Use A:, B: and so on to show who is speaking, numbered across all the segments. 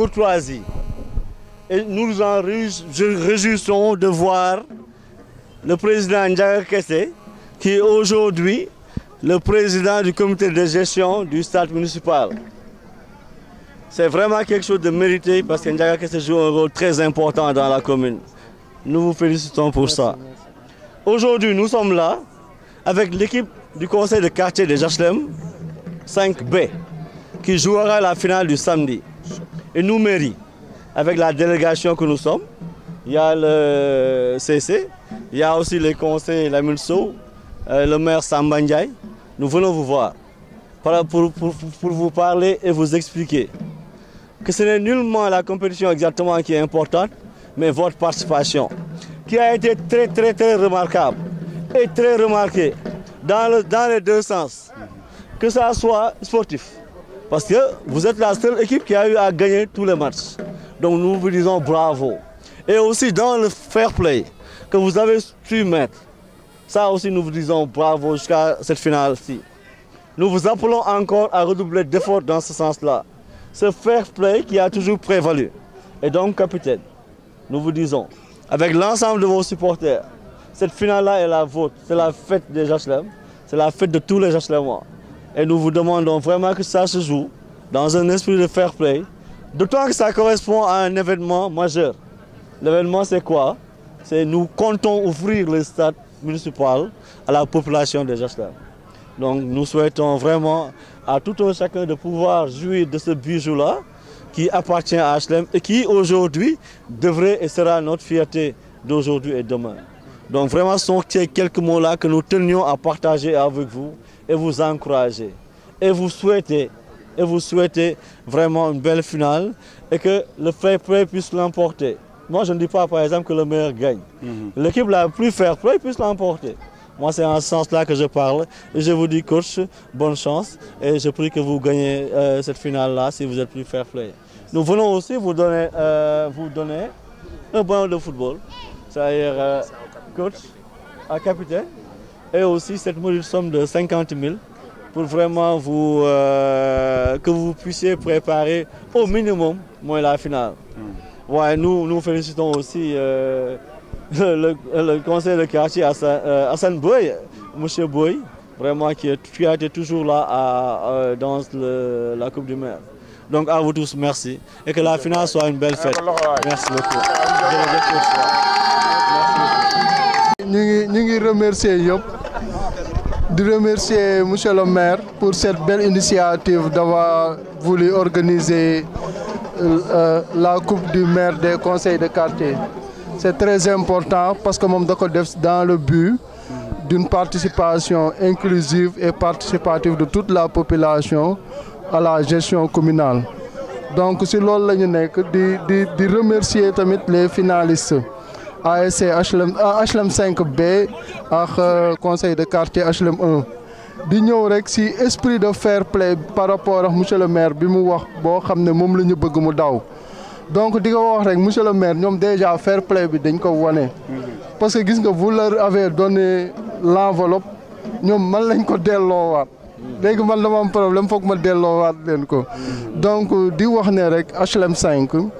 A: courtoisie. Et nous en réjouissons de voir le président Ndiaga Kessé, qui est aujourd'hui le président du comité de gestion du stade municipal. C'est vraiment quelque chose de mérité parce que Ndiaga joue un rôle très important dans la commune. Nous vous félicitons pour ça. Aujourd'hui, nous sommes là avec l'équipe du conseil de quartier de Jachlem 5B qui jouera la finale du samedi. Et nous, mairie, avec la délégation que nous sommes, il y a le CC, il y a aussi les conseils, la MULSO, euh, le maire Sambandjaï. Nous venons vous voir pour, vous parler et vous expliquer que ce n'est nullement la compétition exactement qui est importante, mais votre participation, qui a été très très très remarquable et très remarquée dans, dans les deux sens, que ça soit sportif, parce que vous êtes la seule équipe qui a eu à gagner tous les matchs. Donc nous vous disons bravo. Et aussi dans le fair play que vous avez su mettre, ça aussi nous vous disons bravo jusqu'à cette finale-ci. Nous vous appelons encore à redoubler d'efforts dans ce sens-là. Ce fair play qui a toujours prévalu. Et donc, capitaine, nous vous disons, avec l'ensemble de vos supporters, cette finale-là est la vôtre. C'est la fête des Jachelem. C'est la fête de tous les Jachelemois. Et nous vous demandons vraiment que ça se joue dans un esprit de fair play, d'autant que ça correspond à un événement majeur. L'événement, c'est quoi C'est nous comptons ouvrir le stade municipal à la population des Jasla. Donc nous souhaitons vraiment à tout un chacun de pouvoir jouir de ce bijou-là qui appartient à HLM et qui aujourd'hui devrait et sera notre fierté d'aujourd'hui et demain. Donc vraiment, ce sont quelques mots-là que nous tenions à partager avec vous et vous encourager et vous souhaiter et vous souhaitez vraiment une belle finale et que le fair play puisse l'emporter. Moi, je ne dis pas, par exemple, que le meilleur gagne. Mhm. L'équipe la plus fair play puisse l'emporter. Moi, c'est en ce sens-là que je parle. Et je vous dis, coach, bonne chance. Et je prie que vous gagnez euh, cette finale-là si vous êtes plus fair play. Nous venons aussi vous donner, euh, vous donner un bon de football. C'est-à-dire, euh, coach, à capitaine et aussi cette modique somme de 50 000 pour vraiment vous, euh, que vous puissiez préparer au minimum moins la finale. Hmm. Ouais, nous, nous félicitons aussi euh, le, conseil de quartier à euh, Boy, M. Boy, vraiment qui, a été toujours là dans la Coupe du Maire. Donc à vous tous, merci. Et que la finale soit une belle fête. Merci beaucoup. Merci beaucoup.
B: nous je remercie M. le maire pour cette belle initiative d'avoir voulu organiser euh, euh, la Coupe du maire des conseils de quartier. C'est très important parce que est dans le but d'une participation inclusive et participative de toute la population à la gestion communale. Donc, c'est l'on de remercier les finalistes. ASC e, HLM HLM ah, 5B ak euh, conseil de quartier HLM 1 di ñëw rek ci esprit de fair play par rapport ak monsieur le maire bi mu wax boo xam ne moom la ñu bëgg mu daw donc di ko wax rek monsieur le maire ñoom déjà fair play bi dañ ko wane. parce que gis nga vous leur avez donné l'enveloppe ñoom man lañ ko delloowaat. léegi man dama am problème foog ma delloowaat leen ko. donc di wax ne rek HLM 5.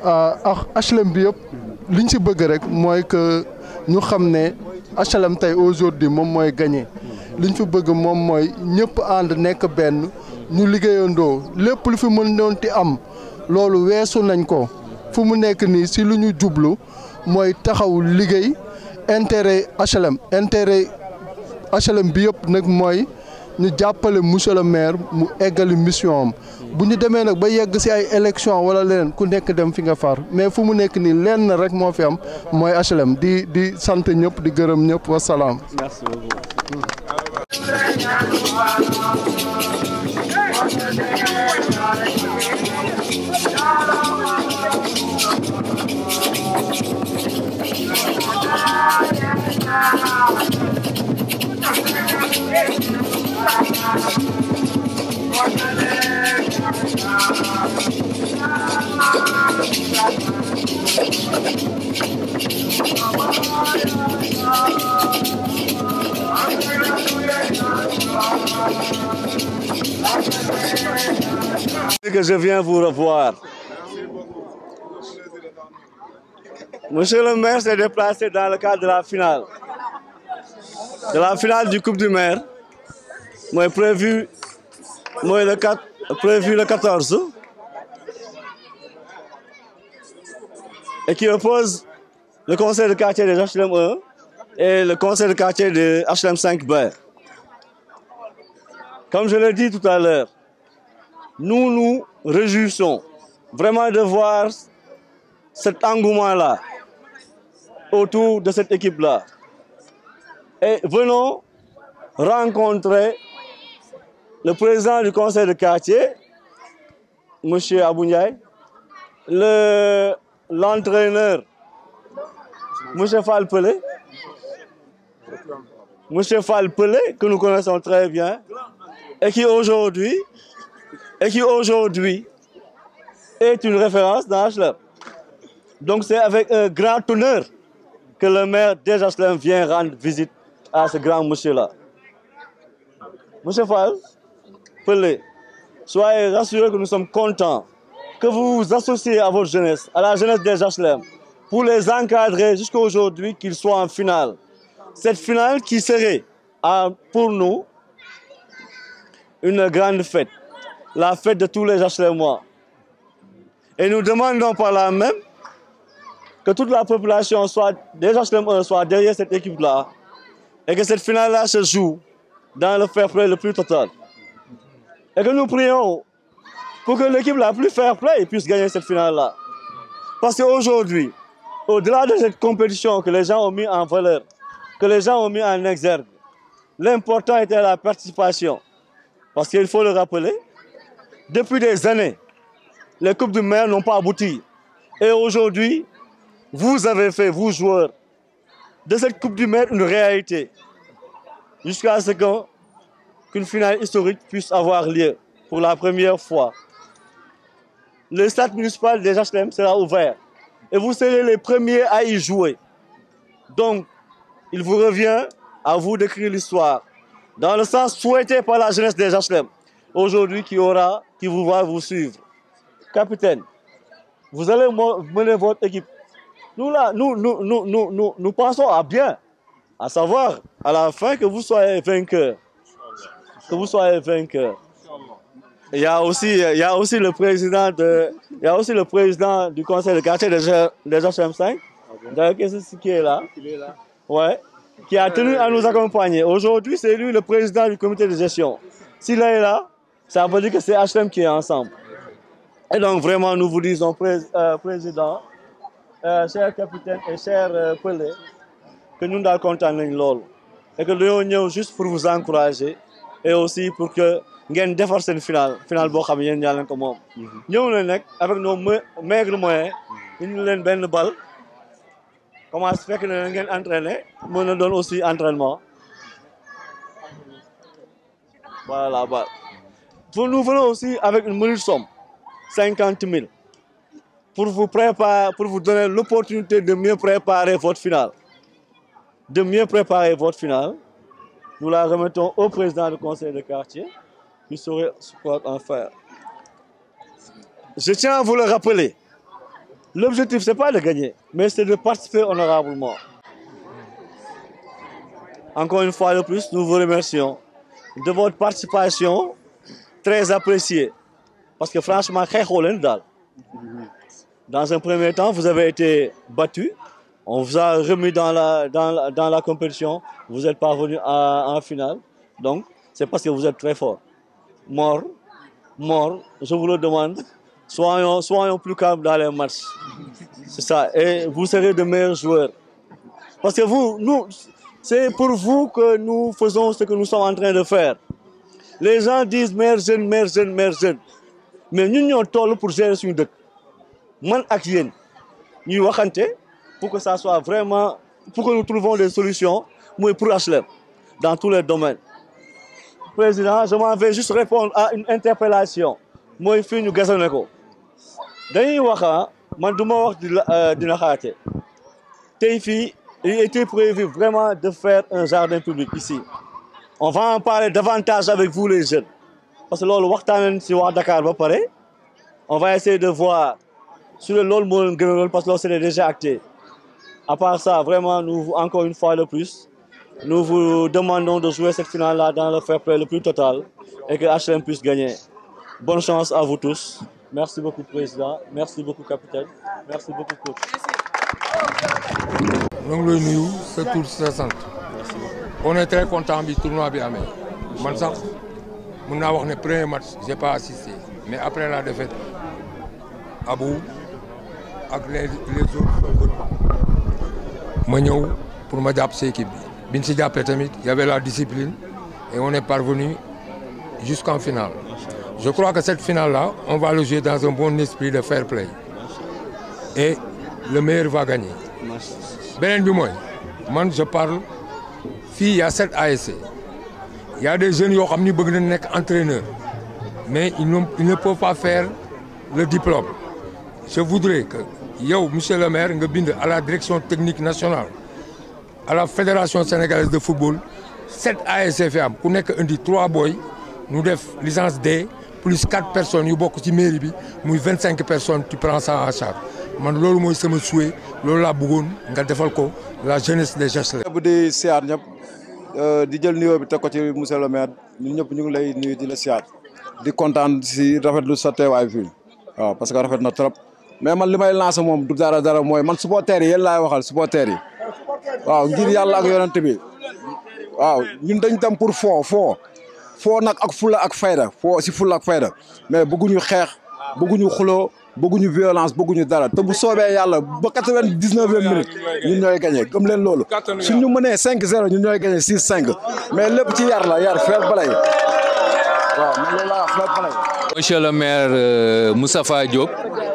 B: HLM euh, bi yëpp liñ ci bëgg rek mooy que ñu xam ne HLM tey aujourd'hui moom mooy gagné liñ fi bëgg moom mooy ñëpp ànd nekk benn ñu liggéeyandoo lépp lu fi mën doon ti am loolu weesu nañ ko fu mu nekk nii ci lu ñu jublu mooy taxaw liggéey intérêt HLM intérêt HLM bi yëpp nag mooy ñu jàppale monsieur le maire mu eggali mission am Bunyi ñu demee nag ba yegg ay élection wala leneen ku nekk dem fi nga far mais fu mu nekk nii lenn rek fi am HLM di di sant ñëpp di gërëm ñëpp
A: que je viens vous revoir. Monsieur le maire s'est déplacé dans le cadre de la finale. De la finale du Coupe du maire. Moi prévu, moi le 4 prévu le 14 et qui oppose le conseil de quartier des HLM 1 et le conseil de quartier des HLM 5B. Comme je l'ai dit tout à l'heure, nous nous réjouissons vraiment de voir cet engouement-là autour de cette équipe-là. Et venons rencontrer le président du conseil de quartier, M. Abouniaï, l'entraîneur, le, M. Falpelé, M. que nous connaissons très bien, et qui aujourd'hui et qui aujourd'hui est une référence dans Donc c'est avec un grand honneur que le maire des vient rendre visite à ce grand monsieur-là. Monsieur Fall, Soyez rassurés que nous sommes contents que vous vous associez à votre jeunesse, à la jeunesse des HLM, pour les encadrer jusqu'à aujourd'hui qu'ils soient en finale. Cette finale qui serait pour nous une grande fête, la fête de tous les HLMois. Et nous demandons par là même que toute la population soit, des HLM soit derrière cette équipe-là et que cette finale-là se joue dans le fair play le plus total et que nous prions pour que l'équipe la plus fair play puisse gagner cette finale-là. Parce qu'aujourd'hui, au-delà de cette compétition que les gens ont mis en valeur, que les gens ont mis en exergue, l'important était la participation. Parce qu'il faut le rappeler, depuis des années, les Coupes du Maire n'ont pas abouti. Et aujourd'hui, vous avez fait, vous joueurs, de cette Coupe du Maire une réalité. Jusqu'à ce qu'on qu'une finale historique puisse avoir lieu pour la première fois. Le stade municipal des HLM sera ouvert et vous serez les premiers à y jouer. Donc, il vous revient à vous d'écrire l'histoire dans le sens souhaité par la jeunesse des HLM aujourd'hui qui aura, qui vous va vous suivre. Capitaine, vous allez mener votre équipe. Nous, nous, nous, pensons à bien, à savoir à la fin que vous soyez vainqueur que vous soyez vainqueur. Il y a aussi, il y a aussi le président de, il a aussi le président du conseil de quartier des HM5. ce qui est là? Ouais. Qui a tenu à nous accompagner. Aujourd'hui, c'est lui le président du comité de gestion. S'il est là, ça veut dire que c'est HM qui est ensemble. Et donc, vraiment, nous vous disons, euh, président, euh, cher capitaine et cher euh, que nous nous contents l'OL. Et que nous juste pour vous encourager et aussi pour que vous defar seen final final finale xam ne yéen ñaa ko mhm. avec nos maigres moyens. nous mhm. indi balle. comment est commence que na ngeen entraîner nous nous donnons aussi entraînement voilà voilà. nous venons aussi avec une menue somme 50 000. pour vous préparer pour vous donner l'opportunité de mieux préparer votre finale de mieux préparer votre finale nous la remettons au président du conseil de quartier qui saurait ce en faire. Je tiens à vous le rappeler. L'objectif, ce n'est pas de gagner, mais c'est de participer honorablement. Encore une fois de plus, nous vous remercions de votre participation très appréciée. Parce que franchement, dans un premier temps, vous avez été battu on vous a remis dans la, dans la, compétition. Vous êtes pas venu en un finale. Donc, c'est parce que vous êtes très fort. Mort, mort, je vous le demande. Soyons, soyons plus calmes dans les matchs. C'est ça. Et vous serez de meilleurs joueurs. Parce que vous, nous, c'est pour vous que nous faisons ce que nous sommes en train de faire. Les gens disent meilleurs jeunes, meilleurs Mais nous, nous sommes pour gérer ce que nous sommes. nous sommes pour que ça soit vraiment, pour que nous trouvions des solutions pour HLM, e dans tous les domaines. Président, je m'en vais juste répondre à une interpellation. Moi, suis ñu gasal ne Je dañuy wax ah, man du ma wax dina euh, xaate il était prévu vraiment de faire un jardin public ici on va en parler davantage avec vous les jeunes parce que ce que si sur Dakar va parler. on va essayer de voir sur le monde, parce que c'est déjà acté à part ça, vraiment, nous, encore une fois le plus, nous vous demandons de jouer cette finale-là dans le fair play le plus total et que HLM puisse gagner. Bonne chance à vous tous. Merci beaucoup, Président. Merci beaucoup, Capitaine. Merci beaucoup, Coach.
C: Donc, le c'est tout On est très contents du tournoi à Biamé. Man premier match j'ai pas assisté mais après la défaite à bout les les autres ma pour m'adapter y avait la discipline et on est parvenu jusqu'en finale je crois que cette finale là on va le jouer dans un bon esprit de fair play et le meilleur va gagner Ben du moins, je parle il y a Il ASC y a des jeunes qui ont été entraîneurs. entraîneur mais ils ne peuvent pas faire le diplôme je voudrais que monsieur le maire, nga à la direction technique nationale, à la fédération sénégalaise de football, 7 ASFM, qui n'est qu'un des 3 boys, nous devons licence D, plus 4 personnes, nous avons beaucoup 25 personnes, tu prends ça en charge. Man, lol, moi, c'est mon souhait, lol, la bougoune, nga defolko, la jeunesse des gestes. Je suis dis, c'est un peu, monsieur le maire, nous sommes tous les deux de la CIAD. de Rafael parce que Rafael est notre mais man li may lancé moom du dara dara mooy man supporters yi yéen laay waxal supporters yi waaw ngir yàlla ak yonent bi waaw ñun dañ dem pour foo foo foo nag ak fula ak fayda foo si fula ak fayda mais bëgguñu xeex bëgguñu xuloo bëgguñu violence bëgguñu dara te bu soobee yàlla ba quatre-vingt-dix-neuvième minute ñun ñooy gagné gëm leen loolu suñu mënee cinq zéro ñun ñooy gagné six cinq mais lépp ci yar la yar fair play waaw man loolu laa
D: fair play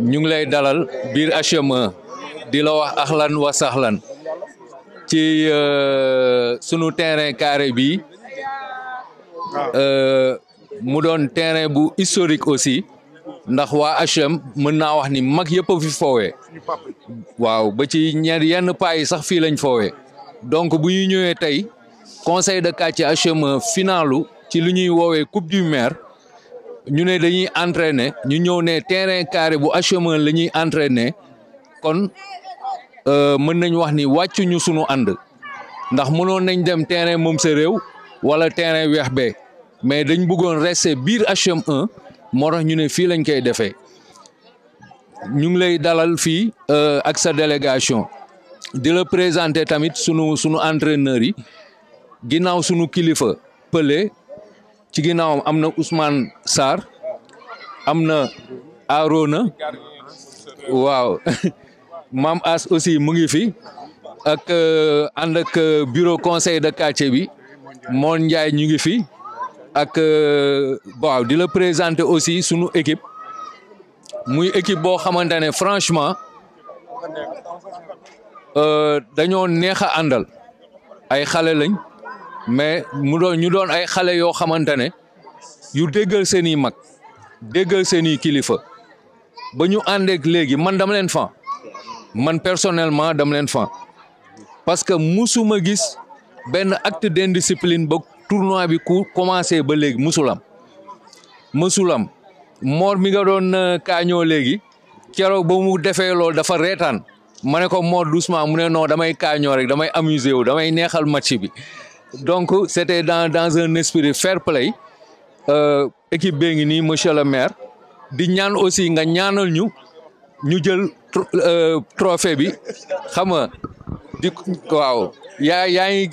D: ñu ngi lay dalal biir HME di la wax axlan wa saxlan ci euh, sunu terrain carré bi euh, mu doon terrain bu historique aussi ndax waa HM mën naa wax ni mag yëpp a fi foowee waaw ba ci ñenn yenn paa yi sax fii lañ foowee donc bu ñu ñëwee tey conseil de quartier HME finalu ci lu ñuy woowee coupe du maire ñu ne dañuy entraîner ñu ñëw ne terrain carré bu HME la ñuy entraîner kon euh, mën nañ wax ni wàccuñu sunu ànd ndax mënoon nañ dem terrain moom sa réew wala terrain weex bee mais dañ bëggoon rester biir HM1 moo tax ñu ne fii lañ koy defee ñu ngi lay dalal fii euh, ak sa délégation di la présenter tamit sunu sunu entraîneurs yi ginnaaw sunu kilifa Pelé ci ginnaawam am na Ousmane Sarr am na Arona waaw Mam As aussi mu ngi fi ak euh, ànd ak euh, bureau conseil de quartier bi Moon Ndiaye ñu ngi fi ak euh, waaw di la présenter aussi sunu équipe muy équipe boo xamante ne franchement dañoo neex a àndal ay xale lañ. mais mu doon ñu doon ay xale yoo xamante ne yu déggal seen i mag déggal seen i kilifa ba ñu àndeek léegi man dama leen fan man personnellement dama leen fan parce que musuma gis benn acte d'indiscipline ba tournoi bi ku commencé ba léegi musulam musulam moor mi nga doon euh, kaañoo léegi keroog ba mu defee loolu dafa reetaan ma ne ko moor doucement mu ne non damay kaañoo rek damay amuser wu damay neexal match bi donc c'était dans dans un esprit fair play euh, équipe Bengini, M. monsieur le maire di ñaan aussi nga ñaanal ñu ñu jël euh, trophée bi xam nga di waaw yaa ngi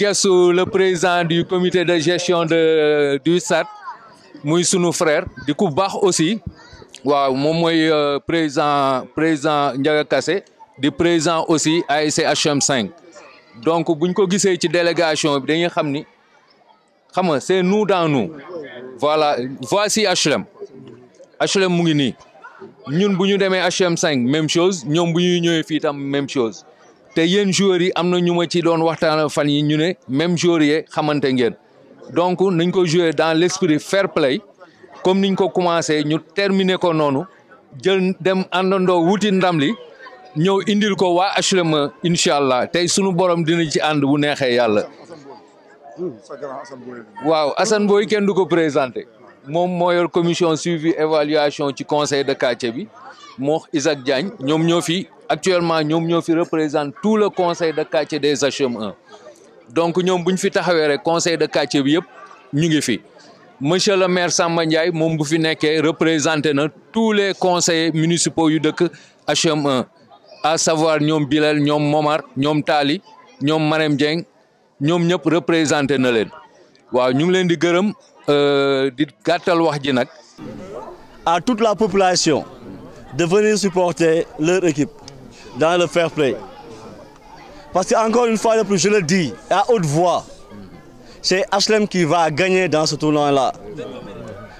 D: le président du comité de gestion de du SAT, muy sunu frère di ku bax aussi waaw mom moy euh, président président Ndiaga Kassé di président aussi ASC 5 donc si ko gisee ci délégation bi sait que c'est nous dans nous voilà voici HLM HLM mu Nous, nous ñun HLM 5 même chose Nous, nous même chose joueurs na ci doon donc nous avons dans l'esprit fair play comme nous avons commencé ñu terminer ko Nous avons dem ñew indil ko wa HLM inshallah tay suñu borom dina ci bu présenté commission suivi évaluation du conseil de quartier bi mo Isaac Diagne actuellement représente tout le conseil de quartier des HLM1 donc ñom conseil de quartier bi ñu monsieur le maire Samba Ndiaye tous les conseils municipaux yu hm à savoir Nyom Bilal Nyom Momar Nyom Tali Nyom Marem Dieng ñoom ñëpp représenté na leen waaw ñu ngi di euh,
A: à toute la population de venir supporter leur équipe dans le fair play parce que encore une fois de plus je le dis à haute voix c'est HLM qui va gagner dans ce tournoi là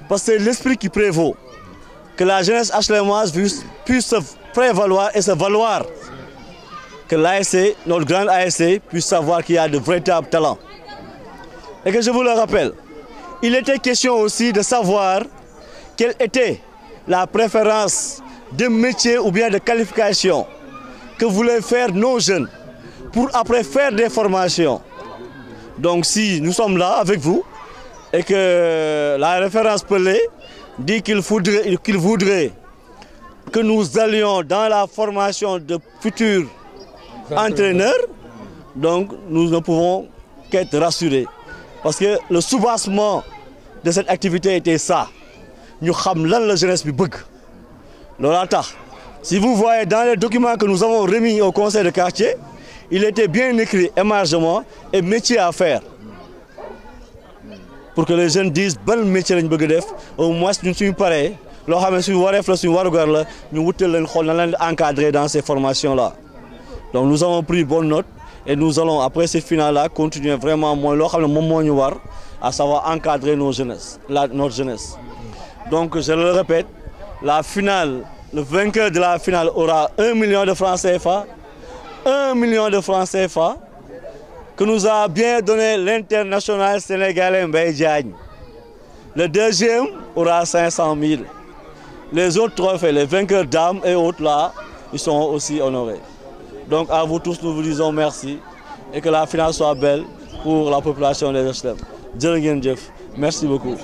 A: parce que c'est l'esprit qui prévaut que la jeunesse HLMoise puisse, puisse se prévaloir et se valoir. Que l'ASC, notre grande ASC, puisse savoir qu'il y a de véritables talents. Et que je vous le rappelle, il était question aussi de savoir quelle était la préférence de métier ou bien de qualification que voulaient faire nos jeunes pour après faire des formations. Donc si nous sommes là avec vous et que la référence peut l'être, dit qu'il voudrait que nous allions dans la formation de futurs entraîneurs, donc nous ne pouvons qu'être rassurés. Parce que le soubassement de cette activité était ça. Nous savons la jeunesse le bug. Si vous voyez dans les documents que nous avons remis au conseil de quartier, il était bien écrit émargement et métier à faire pour que les jeunes disent que métier un bëgg métier, def au moins nous sommes pareils, Lo xam ne suñu la suñu warugar la ñu wutal leen xol leen encadrer dans ces formations là donc nous avons pris bonne note et nous allons après ces finales là continuer vraiment à lo xamné mom mo ñu war à savoir encadrer nos jeunesse la notre jeunesse donc je le répète la finale le vainqueur de la finale aura 1 million de francs CFA 1 million de francs CFA que nous a bien donné l'international sénégalais Mbaye Le deuxième aura 500 000. Les autres trophées, les vainqueurs d'âme et autres là, ils sont aussi honorés. Donc à vous tous, nous vous disons merci et que la finale soit belle pour la population des HLM. merci beaucoup.